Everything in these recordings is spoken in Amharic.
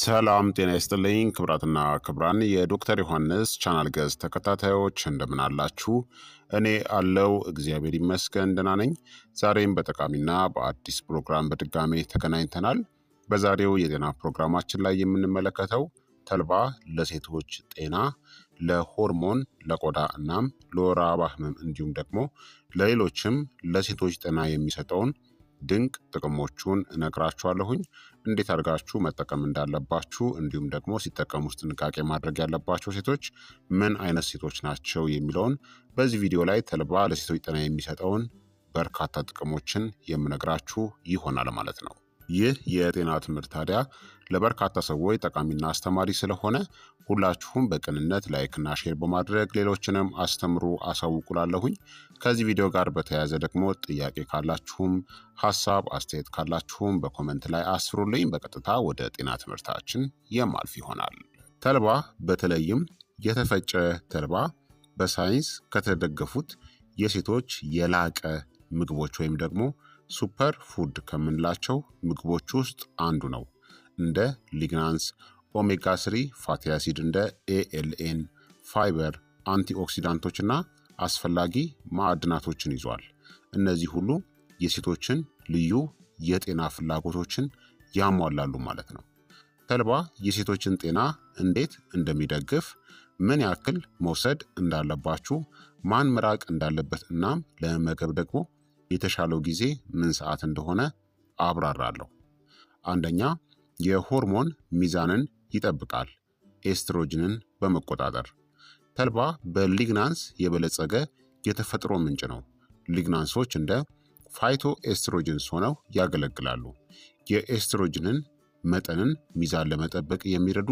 ሰላም ጤና ይስጥልኝ ክብራትና ክብራን የዶክተር ዮሐንስ ቻናል ገጽ ተከታታዮች እንደምን አላችሁ? እኔ አለው እግዚአብሔር ይመስገን ደህና ነኝ። ዛሬም በጠቃሚና በአዲስ ፕሮግራም በድጋሜ ተገናኝተናል። በዛሬው የጤና ፕሮግራማችን ላይ የምንመለከተው ተልባ ለሴቶች ጤና፣ ለሆርሞን፣ ለቆዳ እናም ለወር አበባ ህመም እንዲሁም ደግሞ ለሌሎችም ለሴቶች ጤና የሚሰጠውን ድንቅ ጥቅሞቹን እነግራችኋለሁኝ። እንዴት አድርጋችሁ መጠቀም እንዳለባችሁ እንዲሁም ደግሞ ሲጠቀሙ ውስጥ ጥንቃቄ ማድረግ ያለባቸው ሴቶች ምን አይነት ሴቶች ናቸው የሚለውን በዚህ ቪዲዮ ላይ ተልባ ለሴቶች ጤና የሚሰጠውን በርካታ ጥቅሞችን የምነግራችሁ ይሆናል ማለት ነው። ይህ የጤና ትምህርት ታዲያ ለበርካታ ሰዎች ጠቃሚና አስተማሪ ስለሆነ ሁላችሁም በቅንነት ላይክና ሼር በማድረግ ሌሎችንም አስተምሩ አሳውቁላለሁኝ። ከዚህ ቪዲዮ ጋር በተያያዘ ደግሞ ጥያቄ ካላችሁም ሀሳብ አስተያየት ካላችሁም በኮመንት ላይ አስፍሩልኝ። በቀጥታ ወደ ጤና ትምህርታችን የማልፍ ይሆናል። ተልባ በተለይም የተፈጨ ተልባ በሳይንስ ከተደገፉት የሴቶች የላቀ ምግቦች ወይም ደግሞ ሱፐር ፉድ ከምንላቸው ምግቦች ውስጥ አንዱ ነው። እንደ ሊግናንስ፣ ኦሜጋ 3 ፋቲ አሲድ፣ እንደ ኤኤልኤን፣ ፋይበር፣ አንቲኦክሲዳንቶች እና አስፈላጊ ማዕድናቶችን ይዟል። እነዚህ ሁሉ የሴቶችን ልዩ የጤና ፍላጎቶችን ያሟላሉ ማለት ነው። ተልባ የሴቶችን ጤና እንዴት እንደሚደግፍ ምን ያክል መውሰድ እንዳለባችሁ ማን ምራቅ እንዳለበት እናም ለመመገብ ደግሞ የተሻለው ጊዜ ምን ሰዓት እንደሆነ አብራራለሁ። አንደኛ የሆርሞን ሚዛንን ይጠብቃል፣ ኤስትሮጅንን በመቆጣጠር ተልባ በሊግናንስ የበለጸገ የተፈጥሮ ምንጭ ነው። ሊግናንሶች እንደ ፋይቶ ኤስትሮጅንስ ሆነው ያገለግላሉ። የኤስትሮጅንን መጠንን ሚዛን ለመጠበቅ የሚረዱ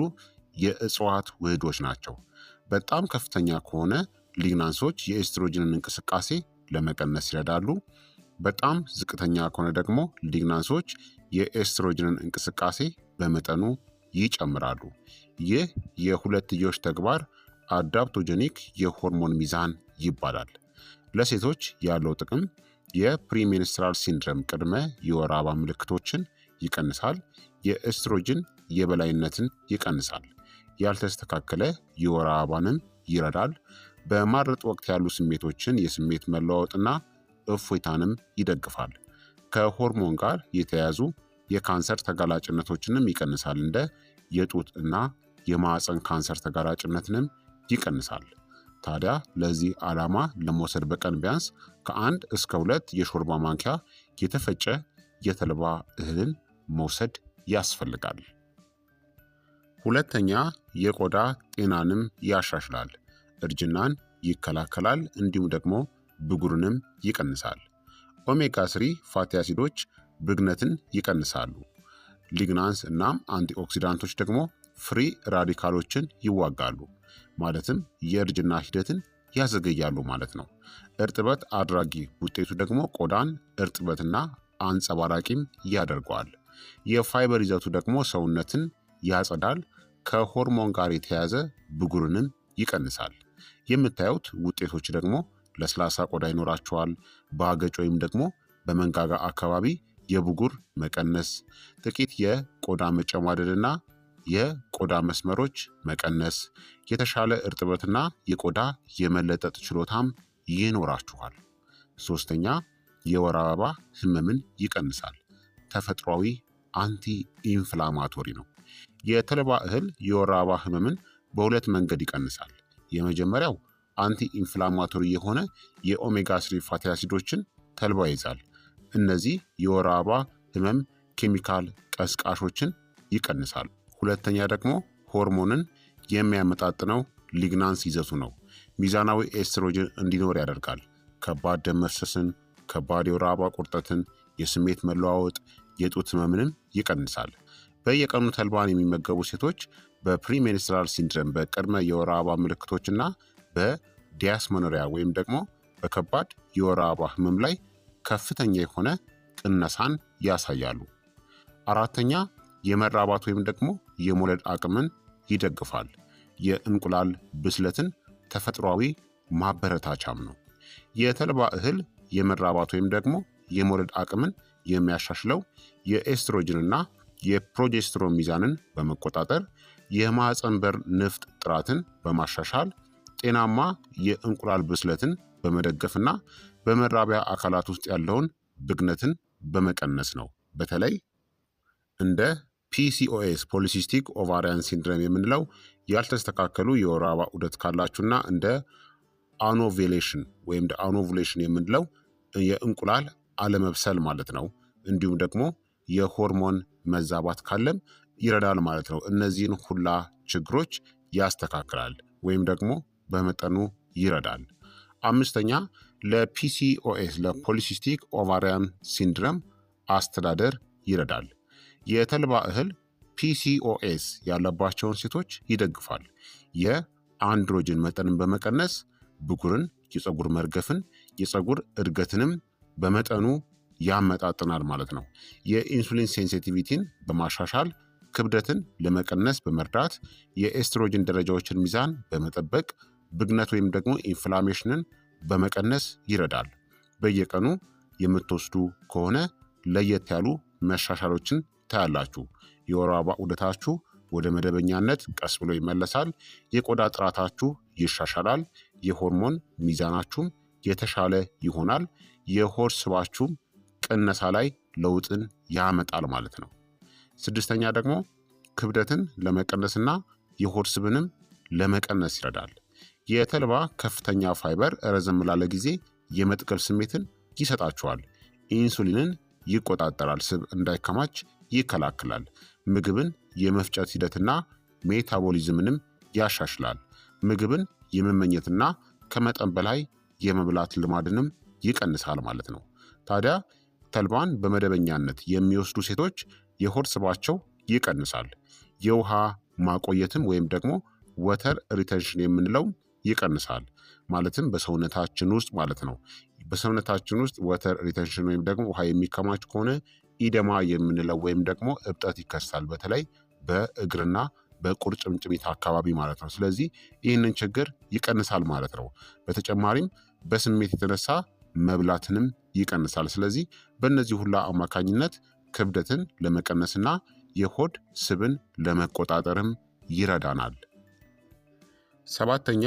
የእጽዋት ውህዶች ናቸው። በጣም ከፍተኛ ከሆነ ሊግናንሶች የኤስትሮጅንን እንቅስቃሴ ለመቀነስ ይረዳሉ። በጣም ዝቅተኛ ከሆነ ደግሞ ሊግናንሶች የኤስትሮጅንን እንቅስቃሴ በመጠኑ ይጨምራሉ። ይህ የሁለትዮሽ ተግባር አዳፕቶጀኒክ የሆርሞን ሚዛን ይባላል። ለሴቶች ያለው ጥቅም የፕሪሜንስትራል ሲንድረም ቅድመ የወር አበባ ምልክቶችን ይቀንሳል። የኤስትሮጅን የበላይነትን ይቀንሳል። ያልተስተካከለ የወር አበባንም ይረዳል። በማረጥ ወቅት ያሉ ስሜቶችን የስሜት መለዋወጥና እፎይታንም ይደግፋል። ከሆርሞን ጋር የተያያዙ የካንሰር ተጋላጭነቶችንም ይቀንሳል። እንደ የጡት እና የማዕፀን ካንሰር ተጋላጭነትንም ይቀንሳል። ታዲያ ለዚህ ዓላማ ለመውሰድ በቀን ቢያንስ ከአንድ እስከ ሁለት የሾርባ ማንኪያ የተፈጨ የተልባ እህልን መውሰድ ያስፈልጋል። ሁለተኛ የቆዳ ጤናንም ያሻሽላል፣ እርጅናን ይከላከላል፣ እንዲሁም ደግሞ ብጉርንም ይቀንሳል። ኦሜጋ ስሪ ፋቲ አሲዶች ብግነትን ይቀንሳሉ። ሊግናንስ እናም አንቲኦክሲዳንቶች ደግሞ ፍሪ ራዲካሎችን ይዋጋሉ፣ ማለትም የእርጅና ሂደትን ያዘገያሉ ማለት ነው። እርጥበት አድራጊ ውጤቱ ደግሞ ቆዳን እርጥበትና አንጸባራቂም ያደርገዋል። የፋይበር ይዘቱ ደግሞ ሰውነትን ያጸዳል፣ ከሆርሞን ጋር የተያያዘ ብጉርንም ይቀንሳል። የምታዩት ውጤቶች ደግሞ ለስላሳ ቆዳ ይኖራቸዋል። በአገጭ ወይም ደግሞ በመንጋጋ አካባቢ የብጉር መቀነስ፣ ጥቂት የቆዳ መጨማደድና የቆዳ መስመሮች መቀነስ፣ የተሻለ እርጥበትና የቆዳ የመለጠጥ ችሎታም ይኖራችኋል። ሶስተኛ የወር አበባ ህመምን ይቀንሳል። ተፈጥሯዊ አንቲ ኢንፍላማቶሪ ነው። የተልባ እህል የወር አበባ ህመምን በሁለት መንገድ ይቀንሳል። የመጀመሪያው አንቲ ኢንፍላማቶሪ የሆነ የኦሜጋ ስሪ ፋቲ አሲዶችን ተልባ ይዛል። እነዚህ የወር አበባ ህመም ኬሚካል ቀስቃሾችን ይቀንሳል። ሁለተኛ ደግሞ ሆርሞንን የሚያመጣጥነው ሊግናንስ ይዘቱ ነው። ሚዛናዊ ኤስትሮጅን እንዲኖር ያደርጋል። ከባድ ደም መፍሰስን፣ ከባድ የወር አበባ ቁርጠትን፣ የስሜት መለዋወጥ፣ የጡት ህመምንም ይቀንሳል። በየቀኑ ተልባን የሚመገቡ ሴቶች በፕሪሜንስትራል ሲንድረም በቅድመ የወር አበባ ምልክቶችና በ ዲያስመኖሪያ ወይም ደግሞ በከባድ የወር አበባ ህመም ላይ ከፍተኛ የሆነ ቅነሳን ያሳያሉ። አራተኛ የመራባት ወይም ደግሞ የመውለድ አቅምን ይደግፋል። የእንቁላል ብስለትን ተፈጥሯዊ ማበረታቻም ነው። የተልባ እህል የመራባት ወይም ደግሞ የመውለድ አቅምን የሚያሻሽለው የኤስትሮጅንና የፕሮጀስትሮን ሚዛንን በመቆጣጠር የማህፀን በር ንፍጥ ጥራትን በማሻሻል ጤናማ የእንቁላል ብስለትን በመደገፍና በመራቢያ አካላት ውስጥ ያለውን ብግነትን በመቀነስ ነው። በተለይ እንደ ፒሲኦኤስ ፖሊሲስቲክ ኦቫሪያን ሲንድረም የምንለው ያልተስተካከሉ የወር አበባ ዑደት ካላችሁና እንደ አኖቬሌሽን ወይም አኖቬሌሽን የምንለው የእንቁላል አለመብሰል ማለት ነው። እንዲሁም ደግሞ የሆርሞን መዛባት ካለም ይረዳል ማለት ነው። እነዚህን ሁላ ችግሮች ያስተካክላል ወይም ደግሞ በመጠኑ ይረዳል። አምስተኛ ለፒሲኦኤስ ለፖሊሲስቲክ ኦቫሪያን ሲንድረም አስተዳደር ይረዳል። የተልባ እህል ፒሲኦኤስ ያለባቸውን ሴቶች ይደግፋል። የአንድሮጅን መጠንን በመቀነስ ብጉርን፣ የፀጉር መርገፍን፣ የፀጉር እድገትንም በመጠኑ ያመጣጥናል ማለት ነው። የኢንሱሊን ሴንሲቲቪቲን በማሻሻል ክብደትን ለመቀነስ በመርዳት የኤስትሮጅን ደረጃዎችን ሚዛን በመጠበቅ ብግነት ወይም ደግሞ ኢንፍላሜሽንን በመቀነስ ይረዳል። በየቀኑ የምትወስዱ ከሆነ ለየት ያሉ መሻሻሎችን ታያላችሁ። የወር አበባ ዑደታችሁ ወደ መደበኛነት ቀስ ብሎ ይመለሳል። የቆዳ ጥራታችሁ ይሻሻላል። የሆርሞን ሚዛናችሁም የተሻለ ይሆናል። የሆድ ስባችሁም ቅነሳ ላይ ለውጥን ያመጣል ማለት ነው። ስድስተኛ ደግሞ ክብደትን ለመቀነስና የሆድ ስብንም ለመቀነስ ይረዳል። የተልባ ከፍተኛ ፋይበር ረዘም ላለ ጊዜ የመጥገብ ስሜትን ይሰጣቸዋል። ኢንሱሊንን ይቆጣጠራል፣ ስብ እንዳይከማች ይከላክላል። ምግብን የመፍጨት ሂደትና ሜታቦሊዝምንም ያሻሽላል። ምግብን የመመኘትና ከመጠን በላይ የመብላት ልማድንም ይቀንሳል ማለት ነው። ታዲያ ተልባን በመደበኛነት የሚወስዱ ሴቶች የሆድ ስባቸው ይቀንሳል። የውሃ ማቆየትም ወይም ደግሞ ወተር ሪተንሽን የምንለው ይቀንሳል። ማለትም በሰውነታችን ውስጥ ማለት ነው። በሰውነታችን ውስጥ ወተር ሪተንሽን ወይም ደግሞ ውሃ የሚከማች ከሆነ ኢደማ የምንለው ወይም ደግሞ እብጠት ይከሳል። በተለይ በእግርና በቁርጭምጭሚት አካባቢ ማለት ነው። ስለዚህ ይህንን ችግር ይቀንሳል ማለት ነው። በተጨማሪም በስሜት የተነሳ መብላትንም ይቀንሳል። ስለዚህ በእነዚህ ሁላ አማካኝነት ክብደትን ለመቀነስና የሆድ ስብን ለመቆጣጠርም ይረዳናል። ሰባተኛ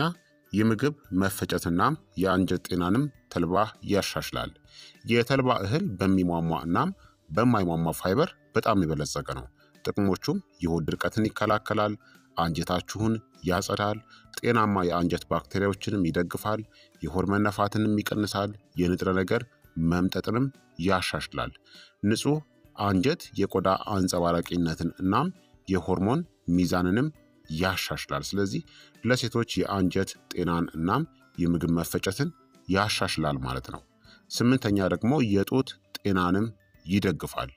የምግብ መፈጨትና የአንጀት ጤናንም ተልባ ያሻሽላል። የተልባ እህል በሚሟሟ እናም በማይሟሟ ፋይበር በጣም የበለጸገ ነው። ጥቅሞቹም የሆድ ድርቀትን ይከላከላል፣ አንጀታችሁን ያጸዳል፣ ጤናማ የአንጀት ባክቴሪያዎችንም ይደግፋል፣ የሆድ መነፋትንም ይቀንሳል፣ የንጥረ ነገር መምጠጥንም ያሻሽላል። ንጹህ አንጀት የቆዳ አንጸባራቂነትን እናም የሆርሞን ሚዛንንም ያሻሽላል። ስለዚህ ለሴቶች የአንጀት ጤናን እናም የምግብ መፈጨትን ያሻሽላል ማለት ነው። ስምንተኛ ደግሞ የጡት ጤናንም ይደግፋል።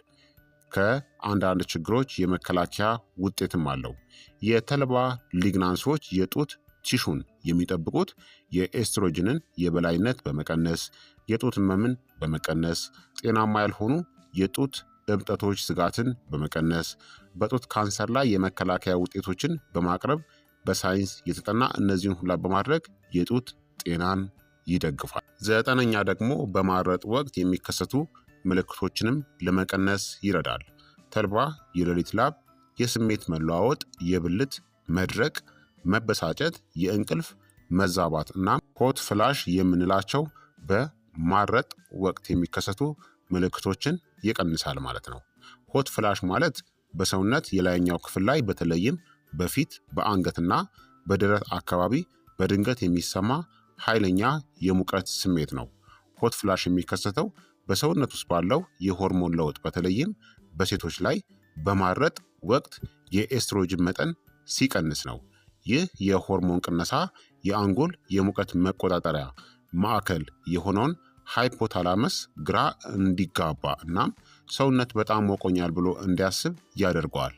ከአንዳንድ ችግሮች የመከላከያ ውጤትም አለው። የተልባ ሊግናንሶች የጡት ቲሹን የሚጠብቁት የኤስትሮጅንን የበላይነት በመቀነስ የጡት ህመምን በመቀነስ ጤናማ ያልሆኑ የጡት እብጠቶች ስጋትን በመቀነስ በጡት ካንሰር ላይ የመከላከያ ውጤቶችን በማቅረብ በሳይንስ የተጠና እነዚህን ሁላ በማድረግ የጡት ጤናን ይደግፋል። ዘጠነኛ ደግሞ በማረጥ ወቅት የሚከሰቱ ምልክቶችንም ለመቀነስ ይረዳል። ተልባ፣ የሌሊት ላብ፣ የስሜት መለዋወጥ፣ የብልት መድረቅ፣ መበሳጨት፣ የእንቅልፍ መዛባት እና ሆት ፍላሽ የምንላቸው በማረጥ ወቅት የሚከሰቱ ምልክቶችን ይቀንሳል ማለት ነው። ሆት ፍላሽ ማለት በሰውነት የላይኛው ክፍል ላይ በተለይም በፊት በአንገትና በደረት አካባቢ በድንገት የሚሰማ ኃይለኛ የሙቀት ስሜት ነው። ሆት ፍላሽ የሚከሰተው በሰውነት ውስጥ ባለው የሆርሞን ለውጥ በተለይም በሴቶች ላይ በማረጥ ወቅት የኤስትሮጅን መጠን ሲቀንስ ነው። ይህ የሆርሞን ቅነሳ የአንጎል የሙቀት መቆጣጠሪያ ማዕከል የሆነውን ሃይፖታላመስ ግራ እንዲጋባ እናም ሰውነት በጣም ሞቆኛል ብሎ እንዲያስብ ያደርገዋል።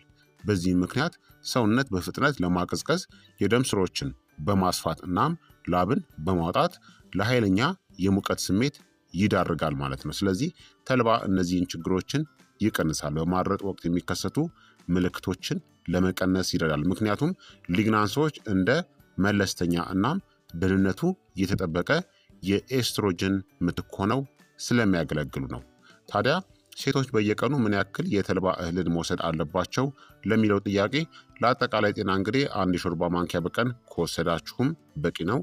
በዚህም ምክንያት ሰውነት በፍጥነት ለማቀዝቀዝ የደም ስሮችን በማስፋት እናም ላብን በማውጣት ለኃይለኛ የሙቀት ስሜት ይዳርጋል ማለት ነው። ስለዚህ ተልባ እነዚህን ችግሮችን ይቀንሳል። በማድረጥ ወቅት የሚከሰቱ ምልክቶችን ለመቀነስ ይረዳል። ምክንያቱም ሊግናንሶች እንደ መለስተኛ እናም ደህንነቱ የተጠበቀ የኤስትሮጅን ምትክ ሆነው ስለሚያገለግሉ ነው። ታዲያ ሴቶች በየቀኑ ምን ያክል የተልባ እህልን መውሰድ አለባቸው ለሚለው ጥያቄ ለአጠቃላይ ጤና እንግዲህ አንድ የሾርባ ማንኪያ በቀን ከወሰዳችሁም በቂ ነው።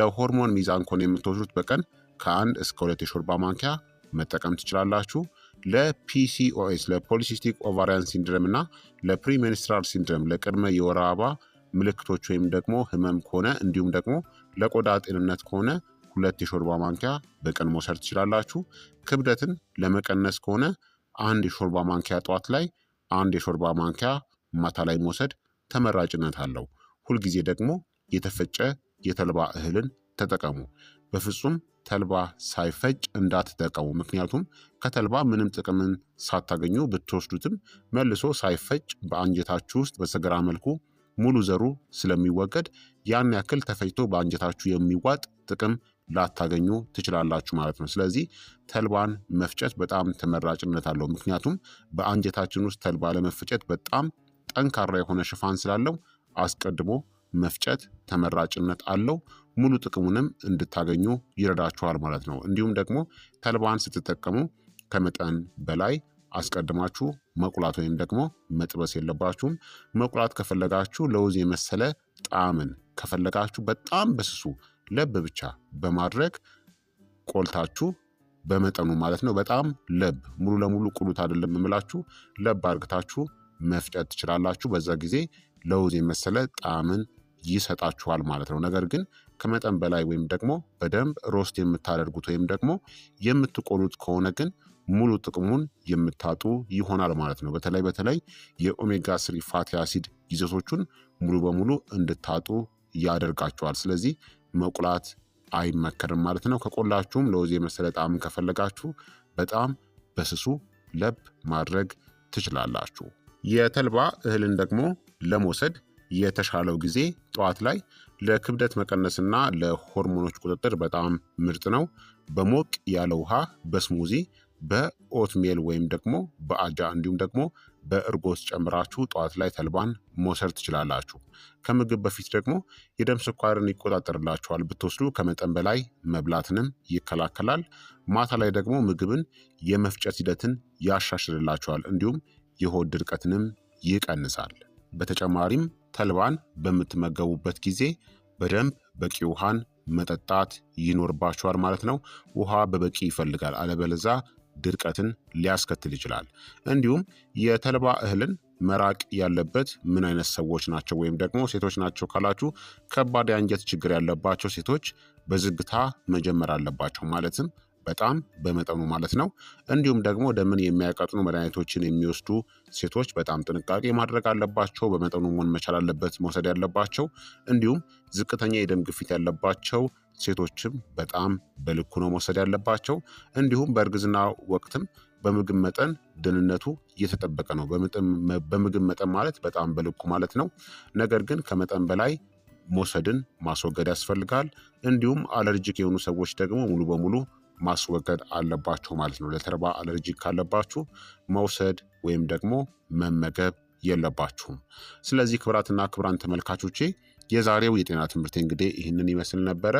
ለሆርሞን ሚዛን ኮን የምትወስዱት በቀን ከአንድ እስከ ሁለት የሾርባ ማንኪያ መጠቀም ትችላላችሁ። ለፒሲኦኤስ ለፖሊሲስቲክ ኦቫሪያን ሲንድረም እና ለፕሪሜንስትራል ሲንድረም ለቅድመ የወር አበባ ምልክቶች ወይም ደግሞ ህመም ከሆነ እንዲሁም ደግሞ ለቆዳ ጤንነት ከሆነ ሁለት የሾርባ ማንኪያ በቀን መውሰድ ትችላላችሁ። ክብደትን ለመቀነስ ከሆነ አንድ የሾርባ ማንኪያ ጠዋት ላይ፣ አንድ የሾርባ ማንኪያ ማታ ላይ መውሰድ ተመራጭነት አለው። ሁልጊዜ ደግሞ የተፈጨ የተልባ እህልን ተጠቀሙ። በፍጹም ተልባ ሳይፈጭ እንዳትጠቀሙ። ምክንያቱም ከተልባ ምንም ጥቅምን ሳታገኙ ብትወስዱትም መልሶ ሳይፈጭ በአንጀታችሁ ውስጥ በሰገራ መልኩ ሙሉ ዘሩ ስለሚወገድ ያን ያክል ተፈጭቶ በአንጀታችሁ የሚዋጥ ጥቅም ላታገኙ ትችላላችሁ ማለት ነው። ስለዚህ ተልባን መፍጨት በጣም ተመራጭነት አለው። ምክንያቱም በአንጀታችን ውስጥ ተልባ ለመፍጨት በጣም ጠንካራ የሆነ ሽፋን ስላለው አስቀድሞ መፍጨት ተመራጭነት አለው። ሙሉ ጥቅሙንም እንድታገኙ ይረዳችኋል ማለት ነው። እንዲሁም ደግሞ ተልባን ስትጠቀሙ ከመጠን በላይ አስቀድማችሁ መቁላት ወይም ደግሞ መጥበስ የለባችሁም። መቁላት ከፈለጋችሁ ለውዝ የመሰለ ጣዕምን ከፈለጋችሁ በጣም በስሱ ለብ ብቻ በማድረግ ቆልታችሁ በመጠኑ ማለት ነው። በጣም ለብ ሙሉ ለሙሉ ቁሉት አይደለም የምላችሁ፣ ለብ አርግታችሁ መፍጨት ትችላላችሁ። በዛ ጊዜ ለውዝ የመሰለ ጣዕምን ይሰጣችኋል ማለት ነው። ነገር ግን ከመጠን በላይ ወይም ደግሞ በደንብ ሮስት የምታደርጉት ወይም ደግሞ የምትቆሉት ከሆነ ግን ሙሉ ጥቅሙን የምታጡ ይሆናል ማለት ነው። በተለይ በተለይ የኦሜጋ ስሪ ፋቲ አሲድ ይዘቶቹን ሙሉ በሙሉ እንድታጡ ያደርጋቸዋል። ስለዚህ መቁላት አይመከርም ማለት ነው። ከቆላችሁም ለውዝ የመሰለ ጣዕም ከፈለጋችሁ በጣም በስሱ ለብ ማድረግ ትችላላችሁ። የተልባ እህልን ደግሞ ለመውሰድ የተሻለው ጊዜ ጠዋት ላይ ለክብደት መቀነስና ለሆርሞኖች ቁጥጥር በጣም ምርጥ ነው። በሞቅ ያለ ውሃ በስሙዚ በኦትሜል ወይም ደግሞ በአጃ እንዲሁም ደግሞ በእርጎ ጨምራችሁ ጠዋት ላይ ተልባን መውሰድ ትችላላችሁ። ከምግብ በፊት ደግሞ የደም ስኳርን ይቆጣጠርላችኋል። ብትወስዱ ከመጠን በላይ መብላትንም ይከላከላል። ማታ ላይ ደግሞ ምግብን የመፍጨት ሂደትን ያሻሽልላችኋል። እንዲሁም የሆድ ድርቀትንም ይቀንሳል። በተጨማሪም ተልባን በምትመገቡበት ጊዜ በደንብ በቂ ውሃን መጠጣት ይኖርባችኋል ማለት ነው። ውሃ በበቂ ይፈልጋል። አለበለዛ ድርቀትን ሊያስከትል ይችላል። እንዲሁም የተልባ እህልን መራቅ ያለበት ምን አይነት ሰዎች ናቸው ወይም ደግሞ ሴቶች ናቸው ካላችሁ ከባድ የአንጀት ችግር ያለባቸው ሴቶች በዝግታ መጀመር አለባቸው ማለትም በጣም በመጠኑ ማለት ነው። እንዲሁም ደግሞ ደምን የሚያቀጥኑ መድኃኒቶችን የሚወስዱ ሴቶች በጣም ጥንቃቄ ማድረግ አለባቸው። በመጠኑ መሆን መቻል አለበት መውሰድ ያለባቸው። እንዲሁም ዝቅተኛ የደም ግፊት ያለባቸው ሴቶችም በጣም በልኩ ነው መውሰድ ያለባቸው። እንዲሁም በእርግዝና ወቅትም በምግብ መጠን ደህንነቱ እየተጠበቀ ነው። በምግብ መጠን ማለት በጣም በልኩ ማለት ነው። ነገር ግን ከመጠን በላይ መውሰድን ማስወገድ ያስፈልጋል። እንዲሁም አለርጂክ የሆኑ ሰዎች ደግሞ ሙሉ በሙሉ ማስወገድ አለባችሁ ማለት ነው። ለተልባ አለርጂ ካለባችሁ መውሰድ ወይም ደግሞ መመገብ የለባችሁም። ስለዚህ ክብራትና ክብራን ተመልካቾቼ የዛሬው የጤና ትምህርት እንግዲህ ይህንን ይመስል ነበረ።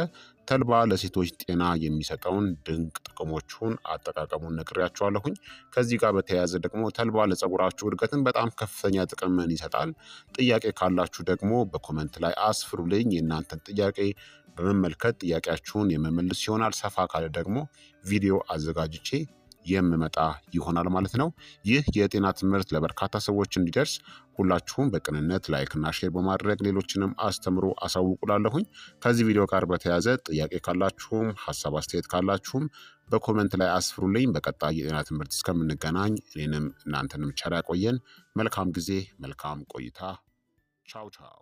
ተልባ ለሴቶች ጤና የሚሰጠውን ድንቅ ጥቅሞቹን አጠቃቀሙን ነግሬያችኋለሁኝ። ከዚህ ጋር በተያያዘ ደግሞ ተልባ ለጸጉራችሁ እድገትን በጣም ከፍተኛ ጥቅምን ይሰጣል። ጥያቄ ካላችሁ ደግሞ በኮመንት ላይ አስፍሩልኝ። የእናንተን ጥያቄ በመመልከት ጥያቄያችሁን የመመልስ ይሆናል። ሰፋ ካለ ደግሞ ቪዲዮ አዘጋጅቼ የምመጣ ይሆናል ማለት ነው። ይህ የጤና ትምህርት ለበርካታ ሰዎች እንዲደርስ ሁላችሁም በቅንነት ላይክና ሼር በማድረግ ሌሎችንም አስተምሮ አሳውቁላለሁኝ። ከዚህ ቪዲዮ ጋር በተያያዘ ጥያቄ ካላችሁም ሀሳብ አስተያየት ካላችሁም በኮመንት ላይ አስፍሩልኝ። በቀጣይ የጤና ትምህርት እስከምንገናኝ እኔንም እናንተንም ቸር ያቆየን። መልካም ጊዜ፣ መልካም ቆይታ። ቻው ቻው